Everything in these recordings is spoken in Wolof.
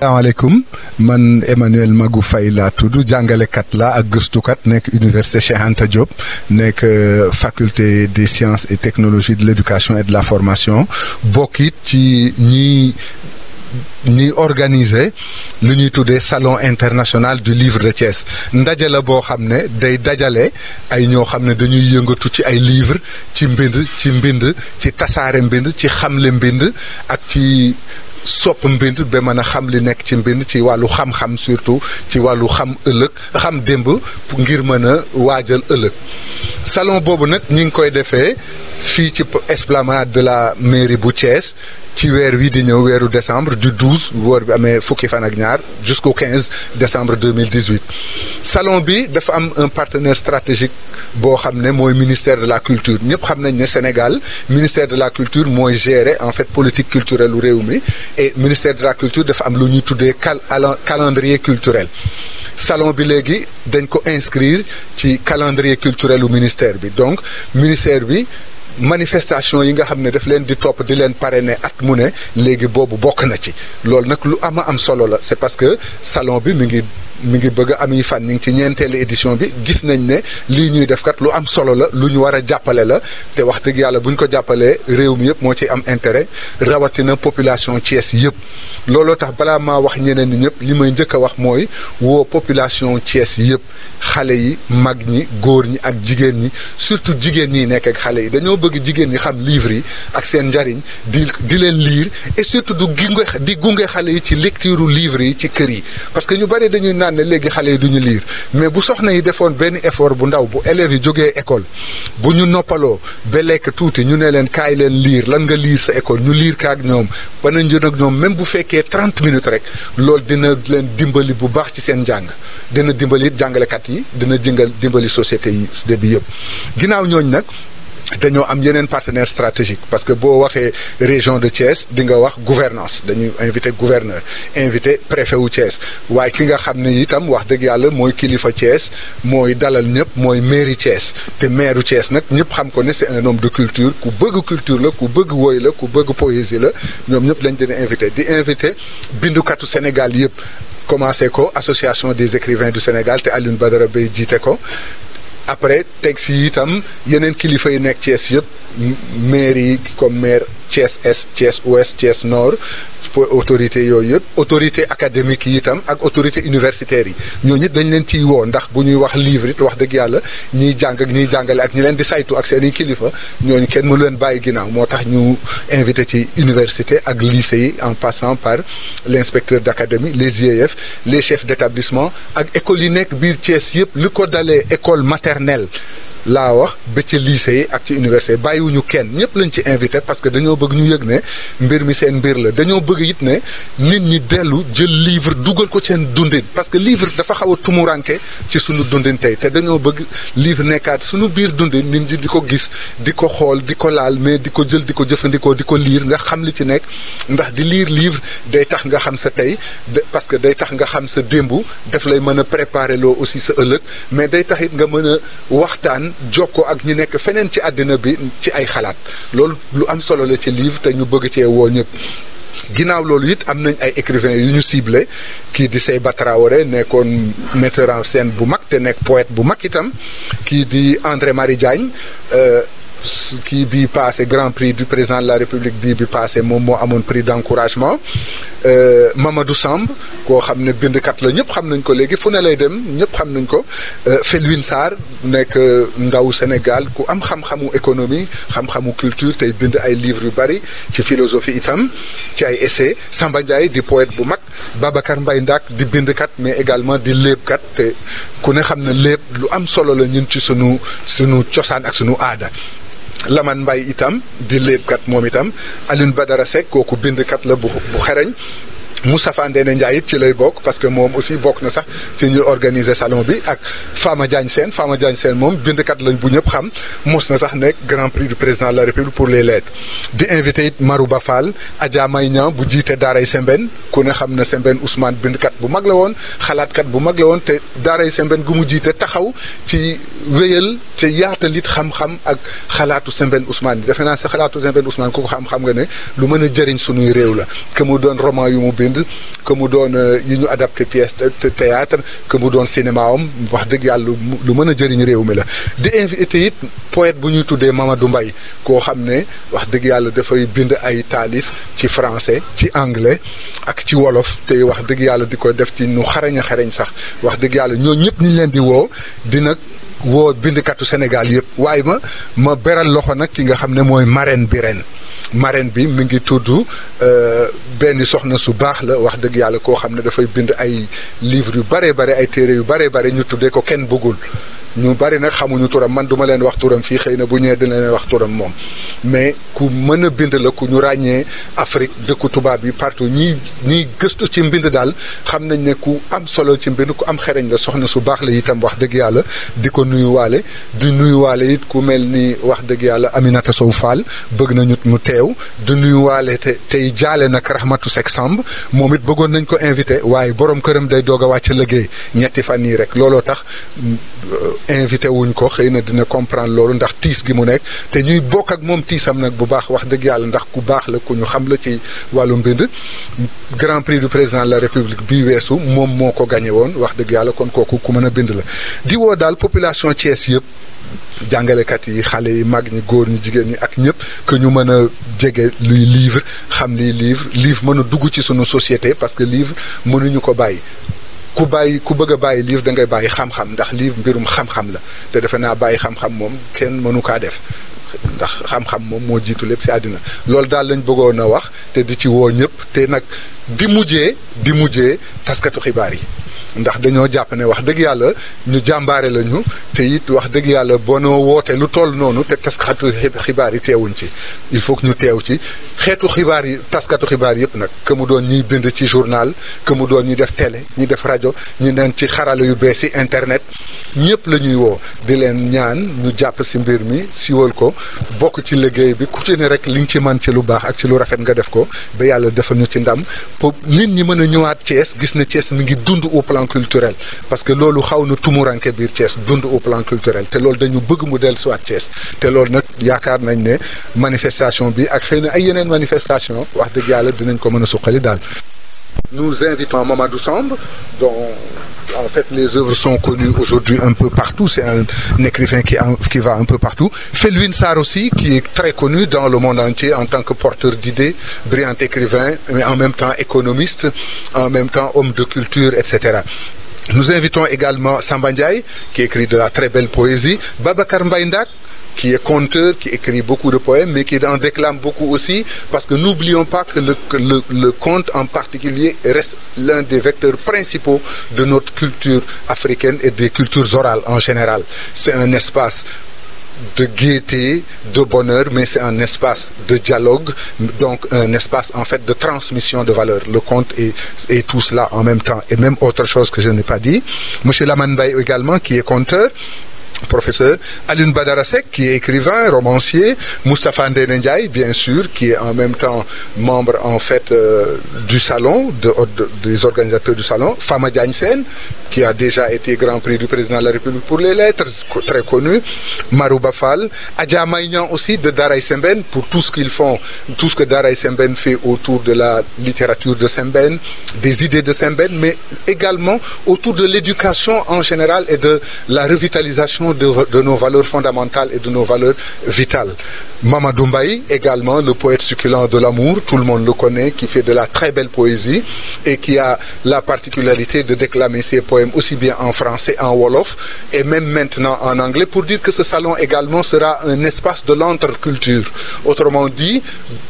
asalaamaaleykum man Emmanuel Magou Fayla Toudou, jangale jàngalekat la ak kat nek université Cheikh Anta Diop nek euh, faculté des sciences et technologies de l'éducation et de la formation Bokit ci ñi ni organiser lu ñuy tuddee salon international du livre de Thiès ndaje la boo xam day dajalé ay ñoo xamné dañuy yëngatu ci ay livre ci mbind ci mbind ci tasaare mbind ci xamle mbind ak ci sopp mbind ba mën a xam li nekk ci mbind ci wàllu xam-xam surtout ci wàllu xam ëllëg xam démb ngir mën a waajal ëllëg salon boobu nag ñi ngi koy defee fii ci esplanade de la mairie bu Thiès ci weer wi di ñëw weeru décembre du 12 woor bi amee fukki fan ak ñaar jusqu'au 15 décembre 2018 salon bi dafa am un partenaire stratégique boo xam ne mooy ministère de la culture ñëpp xam nañ ne Sénégal ministère de la culture mooy gérer en fait politique culturelle u réew mi et ministère de la culture dafa am lu ñuy tuddee calendrier culturel salon bi léegi dañ ko inscrire ci calendrier culturel u ministère bi donc ministère bi manifestation yi nga xam ne daf leen di topp di leen parrainer at mu ne léegi boobu bokk na ci loolu nag lu am a am solo la c'est parce que salon bi mu ngi mi ngi bëgg a ami fan ñu ci ñeenteelu édition bi gis nañ ne lii ñuy def kat lu am solo la lu ñu war a jàppale la te wax dëgg yàlla buñ ko jàppalee réew mi yëpp moo ci am intéret rawatina population Thiès yëpp. looloo tax balaa maa wax ñeneen ñi ñëpp li may njëkk wax mooy woo population Thiès yëpp xale yi mag ñi góor ñi ak jigéen ñi surtout jigéen ñi nekk ak xale yi dañoo bëgg jigéen ñi xam livre yi ak seen njariñ di di leen lire et surtout du gunge di gunge xale yi ci lecture livre yi ci kër yi naan léegi xale yi du ñu liir mais bu soxna yi defoon benn effort bu ndaw bu élèves yi jógee école bu ñu noppaloo ba lekk tuuti ñu ne leen kaay leen liir lan nga liir sa école ñu liir kaak ñoom ba nañ jën ak ñoom même bu fekkee 30 minutes rek loolu dina leen dimbali bu baax ci seen njàng dina dimbali jàngalekat yi dina jëngal dimbali société yi bi yëpp ginnaaw ñooñu nag dañoo am yeneen partenaire stratégique parce que boo waxee région de Thiès di nga wax gouvernance dañuy invité gouverneur invité préfet wu Thiès waaye ki nga xam ne itam wax dëgg yàlla mooy kilifa Thiès mooy dalal ñëpp mooy mairie Thiès te maireu Thiès nag ñëpp xam ko ne c'est un homme de culture ku bëgg culture la ku bëgg woy la ku bëgg poésie la ñoom ñëpp lañ dina invité di invité bindukatu Sénégal yëpp commencé ko association des écrivains du Sénégal te Alioune Badara Bèye jiite ko après texte si tam yenen kilifa yi nekk Thiès yëpp maire yi comme maire Thiès Est Thiès Ouest Nord autorité autorité académique autorité universitaire Nous dañ leen ciy woo ndax wax livre it wax dëgg yàlla ñiy jàng ak ñiy invité université ak lycée en passant par l'inspecteur d'académie, les IEF les chefs d'établissement établissement ak école maternelle laa wax ba ci lycée ak ci université bàyyiwuñu kenn ñëpp lañ ci invité parce que dañoo bëgg ñu yëg ne mbir mi seen mbir la dañoo bëgg it ne nit ñi dellu jël livre dugal ko seen dundin parce que livre dafa xaw a tumuranke ci suñu dundin tey te dañoo bëgg livre nekkaat suñu biir dundin nit ñi di ko gis di ko xool di ko laal mais di ko jël di ko jëfandikoo di ko liir nga xam li ci nekk ndax di liir livre day tax nga xam sa tey parce que day tax nga xam sa démbu daf lay mën a préparer loo aussi sa ëllëg mais day tax it nga mën a waxtaan mën jokkoo ak ñu nekk feneen ci àddina bi ci ay xalaat loolu lu am solo la ci livre te ñu bëgg cee woo ñëpp. ginnaaw loolu it am nañ ay écrivains yu ñu ciblé kii di Seyba Traoré nekkoon metteur en scène bu mag te nekk poète bu mag itam kii di André Marie Diagne euh, kii bi passé grand prix du président de la république bii bi passé moom moo amoon prix d'encouragement Euh, Mamadou Samb ko xamne un kat la ñep xam nañ ko legi fu ne lay dem ñep xam ko euh, Felwine euh, ndaw Sénégal ku am xam-xamu économie xam-xamu culture tay bind ay livres bari ci philosophie itam ci ay essais Samba di poète bu mag Babacar Mbaye Ndak di mais également di te ku ne xamne lu am solo la ñun ci sunu sunu a. ak sunu aada Laman Mbay itam di léebkat moom itam ba dara Seck kooku bindkat la bu bu xereñ Moustapha Ndéné Ndiaye it ci lay bokk parce que moom aussi bokk na sax ci ñu organiser salon bi ak Fama Diagne seen Fama jaañ seen moom bindkat lañ bu ñëpp xam mos na sax nekk grand prix du président de la république pour les lettres di invité it Marouba Fall Adja ñaam bu jiite daaray Sembène ku ne xam na Sembène Ousmane bindkat bu mag la woon xalaat xalaatkat bu mag la woon te daaray sembeen gu mu jiite taxaw ci wéyal ci yaatal it xam-xam ak xalaatu Sembène Ousmane bi defe naa sa xalaatu Sembène Ousmane ku ko xam nga ne lu mën a jëriñ sunuy réew la que mu doon euh, yi ñu adapté pièce de théâtre que mu donne cinéma am wax dëgg yàlla lu mën jëriñ réew la invité poète bu ñuy tuddee Mamadou Mbaye koo xam ne wax dëgg yàlla dafay bind ay taalif ci français ci anglais ak ci wolof te wax dëgg yàlla di def ci nu xarañ xarañ sax wax dëgg yàlla ñoo ñëpp ñu leen di woo di Sénégal yëpp ma ma beral loxo nag ki nga xam ne marraine marraine bi mi ngi tudd euh, benn soxna su baax la wax dëgg yàlla koo xam ne dafay bind ay livres yu bare bare ay téere yu bare bare ñu tuddee ko kenn bëggul ñu bari nag xamuñu turam man duma leen wax turam fii xëy na bu ñëwee dina leen wax turam moom mais ku mën a bind la ku ñu ràññee Afrique dëkku tubaab yi partout ñi ñiy gëstu ci mbind daal xam nañ ne ku am solo ci mbind ku am xereñ la soxna su baax la itam wax dëgg yàlla di ko nuyu nuyuwaale di waale it ku mel ni wax dëgg yàlla Aminata Sow Fall bëgg nañu mu teew di waale te tey jaale nag Rahmatou Seck Samb moom it bëggoon nañ ko invité waaye borom këram day doog a wàcc liggéey ñetti fan yii rek looloo tax invité wuñ ko xeyna dina comprendre lolu ndax tiis gi mu nek te ñuy bok ak mom tisam nak bu baax wax deug yàlla ndax ku baax la ku ñu xam la ci wàllu mbind grand prix du président de la république bi wessu mom moko gagné won wax deug yàlla kon koku ku mëna bind la di wo dal population Thiès yëpp kat yi xalé yi mag ni góor ni jigéen ñi ak ñëpp que ñu mëna djégé luy livre xam li livre livre mëna a dugg ci sunu société parce que livre mënuñu ko bayyi ku bàyyi ku bëgg a bàyyi livre da ngay bàyyi xam-xam ndax livre mbirum xam-xam la te defe naa bàyyi xam-xam moom kenn mënu kaa def ndax xam-xam moom moo jiitu lépp si àddina loolu daal lañ bëggoon a wax te di ci woo ñëpp te nag di mujjee di mujjee taskatu xibaar yi ndax dañoo jàpp ne wax dëgg yàlla ñu jàmbaare la ñu te it wax dëgg yàlla bonoo woote lu toll noonu te taskatu xibaar yi teewuñ ci il faut ñu teew ci xeetu xibaar yi taskatu xibaar yëpp nag que mu doon ñuy bind ci journal këmu doon ñuy def télé ñi def rajo ñi neen ci xarala yu bees yi internet ñëpp la ñuy woo di leen ñaan ñu jàpp si mbir mi siwal ko bokk ci liggéey bi ku ci ne rek li nga ci man ci lu baax ak ci lu rafet nga def ko ba yàlla defal ñu ci ndam pour culturel parce que lolu nous na en biir Thiès dund au plan culturel tel lolu dañu bëgg mu soit soit tel té lolu nak yaakaar nañ manifestation bi ak une ay manifestation wax à yalla dinañ ko mëna suxali dal nous invitons Mamadou Samb dont en fait, les œuvres sont connues aujourd'hui un peu partout. C'est un, écrivain qui, va un peu partout. félix Sarr aussi, qui est très connu dans le monde entier en tant que porteur d'idées, brillant écrivain, mais en même temps économiste, en même temps homme de culture, etc. Nous invitons également Samba qui écrit de la très belle poésie, Baba Mbaindak, qui est conteur, qui écrit beaucoup de poèmes, mais qui en déclame beaucoup aussi, parce que n'oublions pas que le conte en particulier reste l'un des vecteurs principaux de notre culture africaine et des cultures orales en général. C'est un espace de gaieté, de bonheur, mais c'est un espace de dialogue, donc un espace en fait de transmission de valeurs. Le compte est, tout cela en même temps. Et même autre chose que je n'ai pas dit, M. Lamanbaï également, qui est compteur professeur Aline Badarasek, qui est écrivain, romancier, Moustapha Ndenendjaï, bien sûr, qui est en même temps membre en fait euh, du salon, des organisateurs du salon, Fama Janssen, qui a déjà été Grand Prix du Président de la République pour les lettres, très connu, Marou Bafal, Adja Maïnan aussi de Daraï Semben, pour tout ce qu'ils font, tout ce que Daraï Semben fait autour de la littérature de Semben, des idées de Semben, mais également autour de l'éducation en général et de la revitalisation de, nos valeurs fondamentales et de nos valeurs vitales. Mamadou Mbaye, également le poète succulent de l'amour, tout le monde le connaît, qui fait de la très belle poésie et qui a la particularité de déclamer ses poèmes aussi bien en français, en wolof et même maintenant en anglais pour dire que ce salon également sera un espace de l'entre-culture. Autrement dit,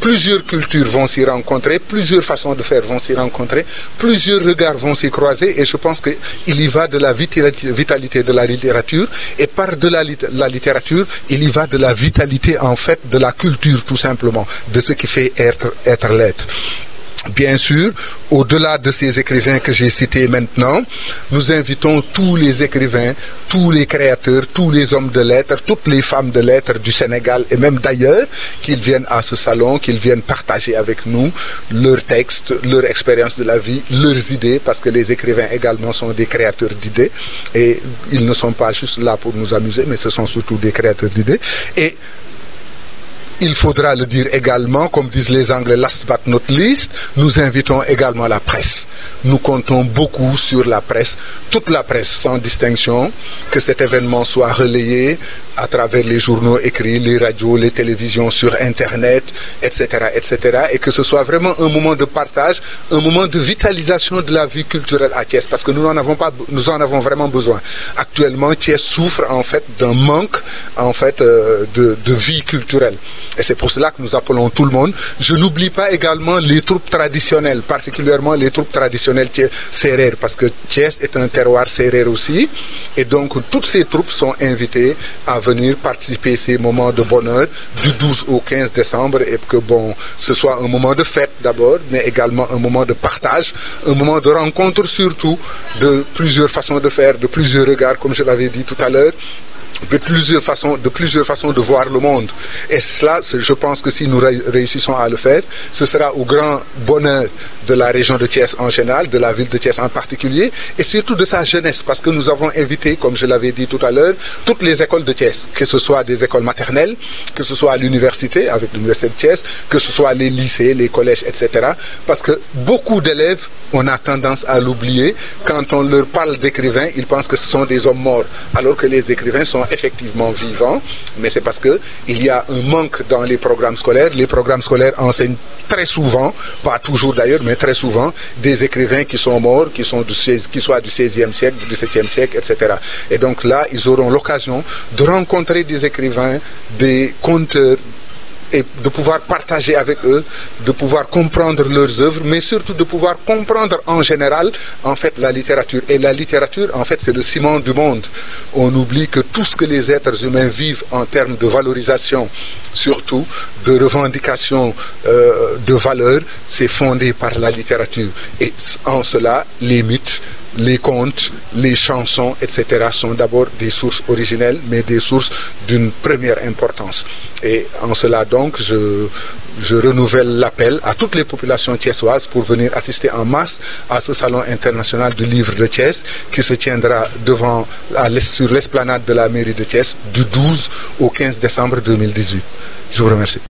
plusieurs cultures vont s'y rencontrer, plusieurs façons de faire vont s'y rencontrer, plusieurs regards vont s'y croiser et je pense qu'il y va de la vitalité de la littérature et et par de la, littérature, il y va de la vitalité en fait de la culture tout simplement, de ce qui fait être l'être. Bien sûr, au-delà de ces écrivains que j'ai cités maintenant, nous invitons tous les écrivains, tous les créateurs, tous les hommes de lettres, toutes les femmes de lettres du Sénégal et même d'ailleurs, qu'ils viennent à ce salon, qu'ils viennent partager avec nous leurs textes, leur expérience de la vie, leurs idées, parce que les écrivains également sont des créateurs d'idées et ils ne sont pas juste là pour nous amuser, mais ce sont surtout des créateurs d'idées. Et il faudra le dire également, comme disent les Anglais, last but not least, nous invitons également la presse. Nous comptons beaucoup sur la presse, toute la presse sans distinction, que cet événement soit relayé à travers les journaux écrits, les radios, les télévisions, sur Internet, etc., etc., et que ce soit vraiment un moment de partage, un moment de vitalisation de la vie culturelle à Thiès, parce que nous en avons vraiment besoin. Actuellement, Thiès souffre en fait d'un manque en fait euh, de vie culturelle. Et c'est pour cela que nous appelons tout le monde. Je n'oublie pas également les troupes traditionnelles, particulièrement les troupes traditionnelles serrères, parce que Thiès est un terroir serrère aussi. Et donc, toutes ces troupes sont invitées à venir participer à ces moments de bonheur du 12 au 15 décembre et que, bon, ce soit un moment de fête d'abord, mais également un moment de partage, un moment de rencontre surtout, de plusieurs façons de faire, de plusieurs regards, comme je l'avais dit tout à l'heure, de plusieurs façons, de plusieurs façons de voir le monde. Et cela, je pense que si nous réussissons à le faire, ce sera au grand bonheur de la région de Thiès en général, de la ville de Thiès en particulier, et surtout de sa jeunesse, parce que nous avons invité, comme je l'avais dit tout à l'heure, toutes les écoles de Thiès, que ce soit des écoles maternelles, que ce soit à l'université, avec l'université de Thiès, que ce soit les lycées, les collèges, etc. Parce que beaucoup d'élèves, on a tendance à l'oublier. Quand on leur parle d'écrivains, ils pensent que ce sont des hommes morts, alors que les écrivains sont effectivement vivants, mais c'est parce qu'il y a un manque dans les programmes scolaires. Les programmes scolaires enseignent très souvent, pas toujours d'ailleurs, mais très souvent, des écrivains qui sont morts, qui sont du, qui soient du 16e siècle, du 17e siècle, etc. Et donc là, ils auront l'occasion de rencontrer des écrivains, des conteurs, et de pouvoir partager avec eux, de pouvoir comprendre leurs œuvres, mais surtout de pouvoir comprendre en général, en fait, la littérature. Et la littérature, en fait, c'est le ciment du monde. On oublie que tout ce que les êtres humains vivent en termes de valorisation, surtout de revendication euh, de valeur c'est fondé par la littérature. Et en cela, les mythes les contes, les chansons, etc. sont d'abord des sources originelles, mais des sources d'une première importance. Et en cela donc, je, je renouvelle l'appel à toutes les populations tiessoises pour venir assister en masse à ce salon international du livre de Thiès qui se tiendra devant sur l'esplanade de la mairie de Thiès du 12 au 15 décembre 2018. Je vous remercie.